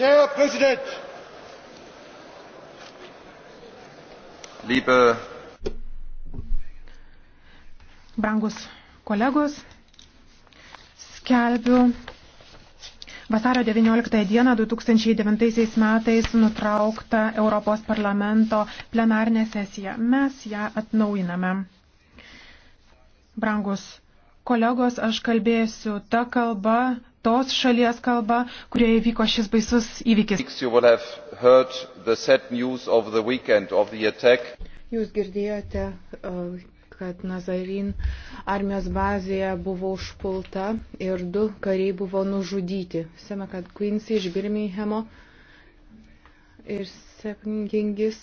herr präsident liebe brangūs kolegos skelbiu vasario 19 dieną 2009 metais nutrauktą Europos parlamento plenarinę sesiją. Mes ją atnaujiname. Brangus kolegos, aš kalbėsiu tą kalbą, tos šalies kalba, kurioje vyko šis baisus įvykis. Jūs girdėjote, uh, kad Nazarin armijos bazėje buvo užpulta ir du kariai buvo nužudyti. Sėme, kad Quincy iš Birminghamo ir Sepingingis.